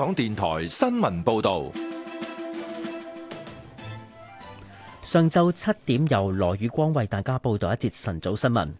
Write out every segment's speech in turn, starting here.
港電台新聞報道，上晝七點由羅宇光為大家報道一節晨早新聞。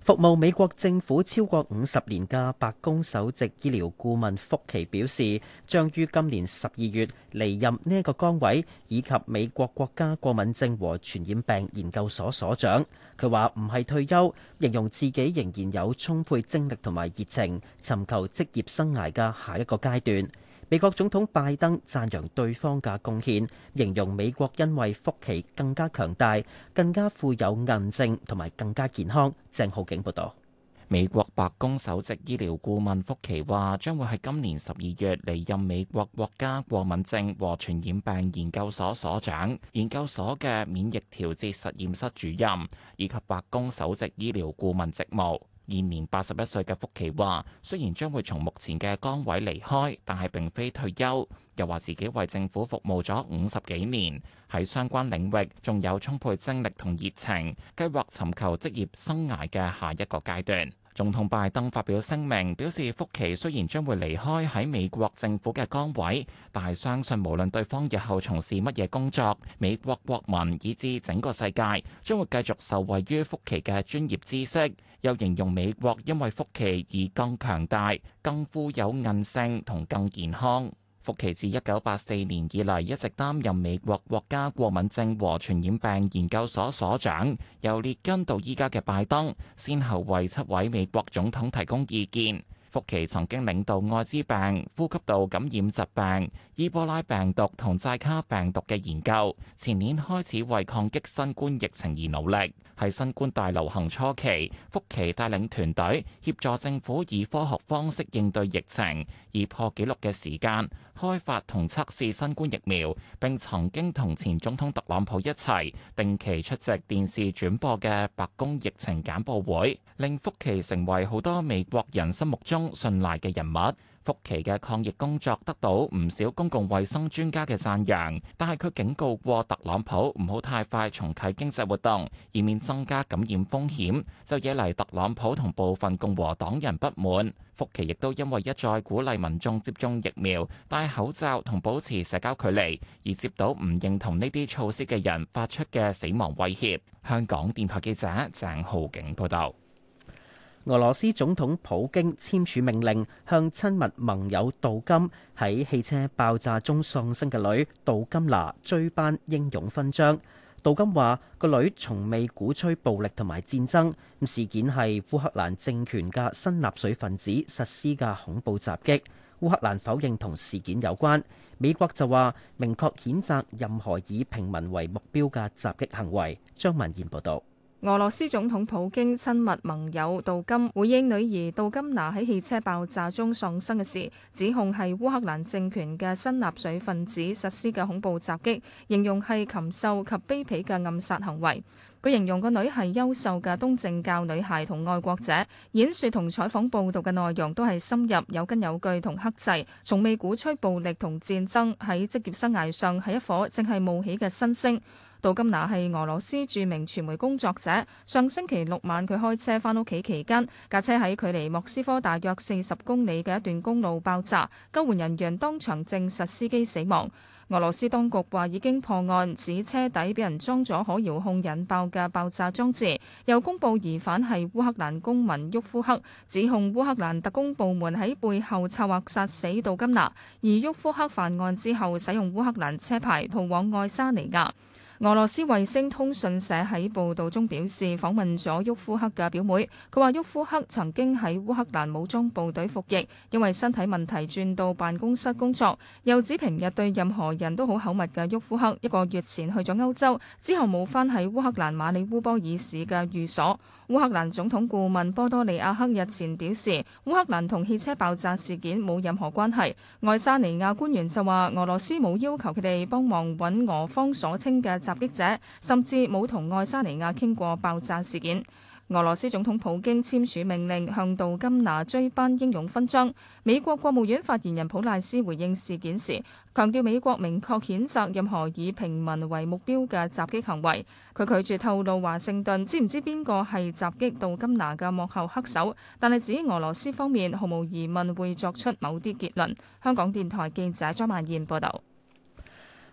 服務美國政府超過五十年嘅白宮首席醫療顧問福奇表示，將於今年十二月離任呢一個崗位，以及美國國家過敏症和傳染病研究所所長。佢話唔係退休，形容自己仍然有充沛精力同埋熱情，尋求職業生涯嘅下一個階段。美國總統拜登讚揚對方嘅貢獻，形容美國因為福奇更加強大，更加富有韌性同埋，更加健康。鄭浩景報道，美國白宮首席醫療顧問福奇話，將會喺今年十二月離任美國國家過敏症和傳染病研究所所長，研究所嘅免疫調節實驗室主任以及白宮首席醫療顧問職務。現年八十一歲嘅福奇話，雖然將會從目前嘅崗位離開，但係並非退休。又話自己為政府服務咗五十幾年，喺相關領域仲有充沛精力同熱情，計劃尋求職業生涯嘅下一個階段。總統拜登發表聲明，表示福奇雖然將會離開喺美國政府嘅崗位，但係相信無論對方日後從事乜嘢工作，美國國民以至整個世界將會繼續受惠於福奇嘅專業知識。又形容美國因為福奇而更強大、更富有韌性同更健康。福奇自一九八四年以嚟一直擔任美國國家過敏症和傳染病研究所所長，由列根到依家嘅拜登，先後為七位美國總統提供意見。福奇曾經領導艾滋病、呼吸道感染疾病、伊波拉病毒同寨卡病毒嘅研究，前年開始為抗擊新冠疫情而努力。喺新冠大流行初期，福奇帶領團隊協助政府以科學方式應對疫情。以破紀錄嘅時間開發同測試新冠疫苗，並曾經同前總統特朗普一齊定期出席電視轉播嘅白宮疫情簡報會，令福奇成為好多美國人心目中信賴嘅人物。福奇嘅抗疫工作得到唔少公共衛生專家嘅讚揚，但係佢警告過特朗普唔好太快重啟經濟活動，以免增加感染風險，就惹嚟特朗普同部分共和黨人不滿。福奇亦都因為一再鼓勵民眾接種疫苗，戴口罩同保持社交距離，而接到唔認同呢啲措施嘅人發出嘅死亡威脅。香港電台記者鄭浩景報道。俄羅斯總統普京簽署命令，向親密盟友杜金喺汽車爆炸中喪生嘅女杜金娜追頒英勇勳章。杜金話：個女從未鼓吹暴力同埋戰爭，事件係烏克蘭政權嘅新納粹分子實施嘅恐怖襲擊。烏克蘭否認同事件有關。美國就話明確譴責任何以平民為目標嘅襲擊行為。張文賢報道。俄羅斯總統普京親密盟友杜金回應女兒杜金娜喺汽車爆炸中喪生嘅事，指控係烏克蘭政權嘅新納粹分子實施嘅恐怖襲擊，形容係禽獸及卑鄙嘅暗殺行為。佢形容個女係優秀嘅東正教女孩同愛國者，演說同採訪報道嘅內容都係深入、有根有據同克制，從未鼓吹暴力同戰爭。喺職業生涯上，係一顆正係冒起嘅新星。杜金娜係俄羅斯著名傳媒工作者。上星期六晚，佢開車返屋企期間，架車喺距離莫斯科大約四十公里嘅一段公路爆炸，救援人員當場證實司機死亡。俄羅斯當局話已經破案，指車底俾人裝咗可遙控引爆嘅爆炸裝置，又公布疑犯係烏克蘭公民沃夫克，指控烏克蘭特工部門喺背後策劃殺死杜金娜，而沃夫克犯案之後使用烏克蘭車牌逃往愛沙尼亞。俄羅斯衛星通訊社喺報道中表示，訪問咗沃夫克嘅表妹，佢話沃夫克曾經喺烏克蘭武裝部隊服役，因為身體問題轉到辦公室工作。又指平日對任何人都好口密嘅沃夫克，一個月前去咗歐洲，之後冇返喺烏克蘭馬里烏波爾市嘅寓所。烏克蘭總統顧問波多利亞克日前表示，烏克蘭同汽車爆炸事件冇任何關係。愛沙尼亞官員就話，俄羅斯冇要求佢哋幫忙揾俄方所稱嘅襲擊者，甚至冇同愛沙尼亞傾過爆炸事件。俄羅斯總統普京簽署命令，向杜金娜追頒英勇勳章。美國國務院發言人普賴斯回應事件時，強調美國明確譴責任何以平民為目標嘅襲擊行為。佢拒絕透露華盛頓知唔知邊個係襲擊杜金娜嘅幕後黑手，但係指俄羅斯方面毫無疑問會作出某啲結論。香港電台記者張曼燕報道。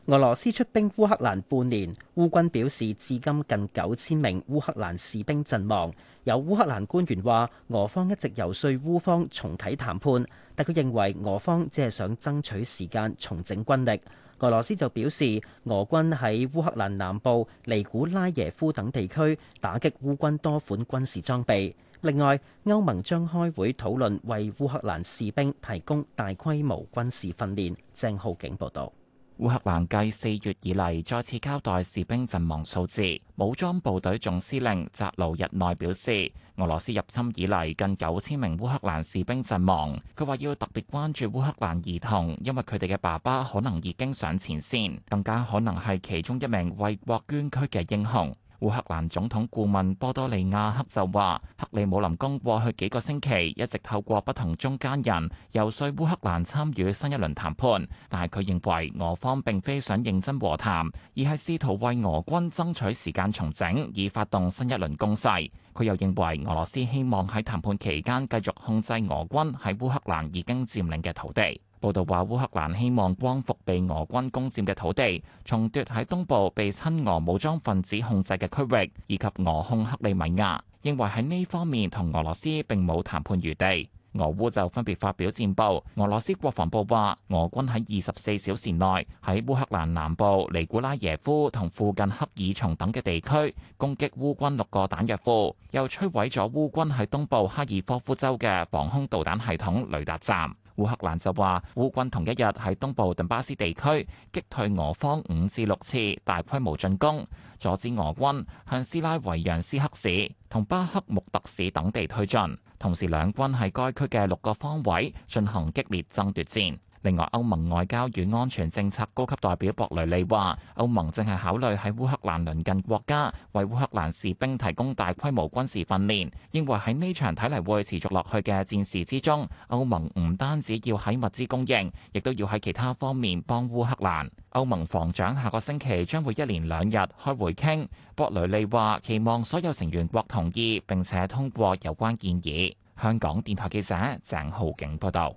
俄羅斯出兵烏克蘭半年，烏軍表示至今近九千名烏克蘭士兵陣亡。有烏克蘭官員話，俄方一直遊說烏方重啟談判，但佢認為俄方只係想爭取時間重整軍力。俄羅斯就表示，俄軍喺烏克蘭南部尼古拉耶夫等地區打擊烏軍多款軍事裝備。另外，歐盟將開會討論為烏克蘭士兵提供大規模軍事訓練。鄭浩景報導。烏克蘭繼四月以嚟再次交代士兵陣亡數字，武裝部隊總司令扎盧日內表示，俄羅斯入侵以嚟，近九千名烏克蘭士兵陣亡。佢話要特別關注烏克蘭兒童，因為佢哋嘅爸爸可能已經上前線，更加可能係其中一名為國捐軀嘅英雄。烏克蘭總統顧問波多利亞克就話，克里姆林宮過去幾個星期一直透過不同中間人遊說烏克蘭參與新一輪談判，但係佢認為俄方並非想認真和談，而係試圖為俄軍爭取時間重整，以發動新一輪攻勢。佢又認為俄羅斯希望喺談判期間繼續控制俄軍喺烏克蘭已經佔領嘅土地。報道話，烏克蘭希望光復被俄軍攻佔嘅土地，重奪喺東部被親俄武裝分子控制嘅區域，以及俄控克里米亞。認為喺呢方面同俄羅斯並冇談判餘地。俄烏就分別發表戰報。俄羅斯國防部話，俄軍喺二十四小時內喺烏克蘭南部尼古拉耶夫同附近克爾松等嘅地區攻擊烏軍六個彈藥庫，又摧毀咗烏軍喺東部哈爾科夫州嘅防空導彈系統雷達站。烏克蘭就話，烏軍同一日喺東部頓巴斯地區擊退俄方五至六次大規模進攻，阻止俄軍向斯拉維揚斯克市同巴克穆特市等地推進，同時兩軍喺該區嘅六個方位進行激烈爭奪戰。另外，歐盟外交與安全政策高級代表博雷利話：歐盟正係考慮喺烏克蘭鄰近國家為烏克蘭士兵提供大規模軍事訓練，認為喺呢場睇嚟會持續落去嘅戰事之中，歐盟唔單止要喺物資供應，亦都要喺其他方面幫烏克蘭。歐盟防長下個星期將會一連兩日開會傾。博雷利話：期望所有成員國同意並且通過有關建議。香港電台記者鄭浩景報道。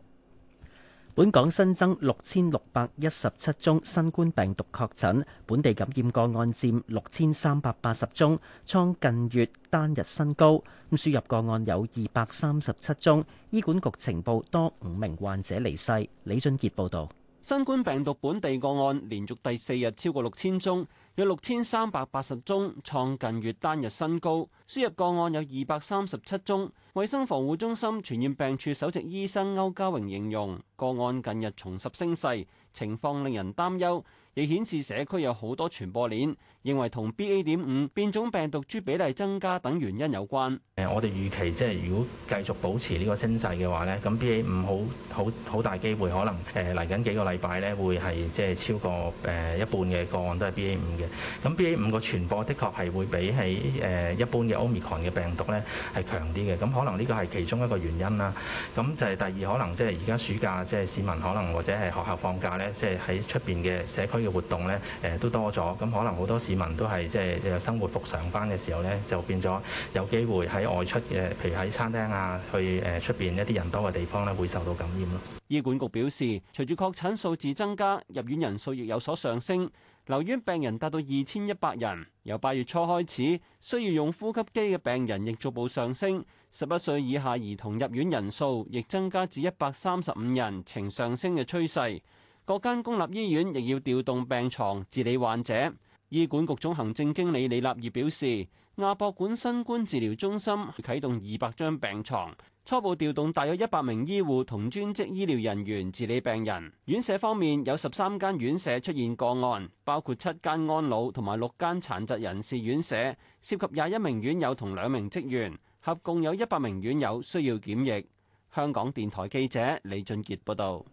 本港新增六千六百一十七宗新冠病毒確診，本地感染個案佔六千三百八十宗，創近月單日新高。輸入個案有二百三十七宗，醫管局呈報多五名患者離世。李俊杰報道，新冠病毒本地個案連續第四日超過六千宗。有六千三百八十宗，創近月單日新高，輸入個案有二百三十七宗。衛生防護中心傳染病處首席醫生歐家榮形容個案近日重拾升勢，情況令人擔憂。亦顯示社區有好多傳播鏈，認為同 B A. 點五變種病毒株比例增加等原因有關。誒，我哋預期即係如果繼續保持呢個升勢嘅話咧，咁 B A. 五好好好大機會可能誒嚟緊幾個禮拜咧會係即係超過誒一半嘅個案都係 B A. 五嘅。咁 B A. 五個傳播的確係會比起誒一般嘅 Omicron 嘅病毒咧係強啲嘅。咁可能呢個係其中一個原因啦。咁就係第二，可能即係而家暑假即係、就是、市民可能或者係學校放假咧，即係喺出邊嘅社區，嘅活動咧，誒都多咗，咁可能好多市民都係即係生活服上班嘅時候咧，就變咗有機會喺外出嘅，譬如喺餐廳啊，去誒出邊一啲人多嘅地方咧，會受到感染咯。醫管局表示，隨住確診數字增加，入院人數亦有所上升，留院病人達到二千一百人。由八月初開始，需要用呼吸機嘅病人亦逐步上升。十一歲以下兒童入院人數亦增加至一百三十五人，呈上升嘅趨勢。各間公立醫院亦要調動病床治理患者。醫管局總行政經理李立業表示，亞博館新冠治療中心啟動二百張病床，初步調動大約一百名醫護同專職醫療人員治理病人。院舍方面有十三間院舍出現個案，包括七間安老同埋六間殘疾人士院舍，涉及廿一名院友同兩名職員，合共有一百名院友需要檢疫。香港電台記者李俊傑報道。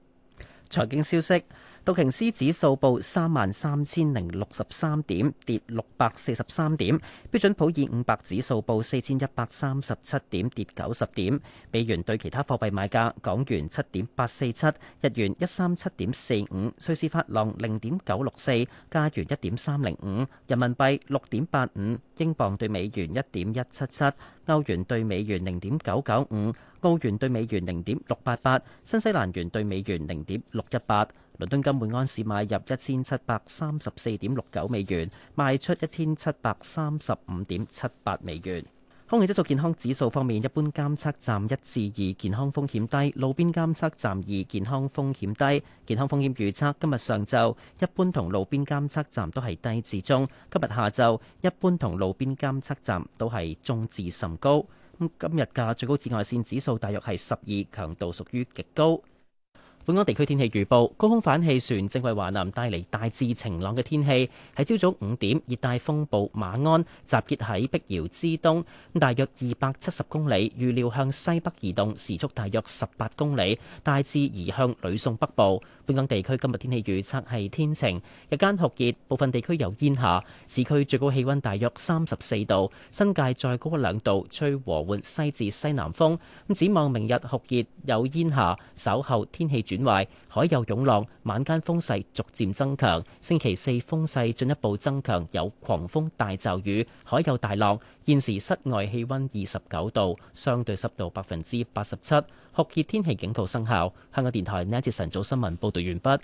財經消息：道瓊斯指數報三萬三千零六十三點，跌六百四十三點；標準普爾五百指數報四千一百三十七點，跌九十點。美元對其他貨幣買價：港元七點八四七，日元一三七點四五，瑞士法郎零點九六四，加元一點三零五，人民幣六點八五，英鎊對美元一點一七七，歐元對美元零點九九五。澳元兌美元零點六八八，新西蘭元兌美元零點六一八。倫敦金每安士買入一千七百三十四點六九美元，賣出一千七百三十五點七八美元。空氣質素健康指數方面，一般監測站一至二健康風險低，路邊監測站二健康風險低。健康風險預測今日上晝一般同路邊監測站都係低至中，今日下晝一般同路邊監測站都係中至甚高。今日嘅最高紫外線指數大約係十二，強度屬於極高。本港地區天氣預報，高空反氣旋，正為華南帶嚟大致晴朗嘅天氣，喺朝早五點，熱帶風暴馬鞍集結喺碧瑤之東大約二百七十公里，預料向西北移動，時速大約十八公里，大致移向呂宋北部。本港地區今日天氣預測係天晴，日間酷熱，部分地區有煙霞。市區最高氣溫大約三十四度，新界再高兩度，吹和緩西至西南風，咁展望明日酷熱有煙霞，稍後天氣轉外海有湧浪，晚間風勢逐漸增強。星期四風勢進一步增強，有狂風大驟雨，海有大浪。現時室外氣溫二十九度，相對濕度百分之八十七，酷熱天氣警告生效。香港電台呢一節晨早新聞報道完畢。